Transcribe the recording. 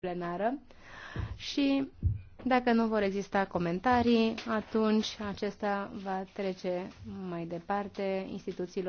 plenară și dacă nu vor exista comentarii, atunci acesta va trece mai departe instituțiilor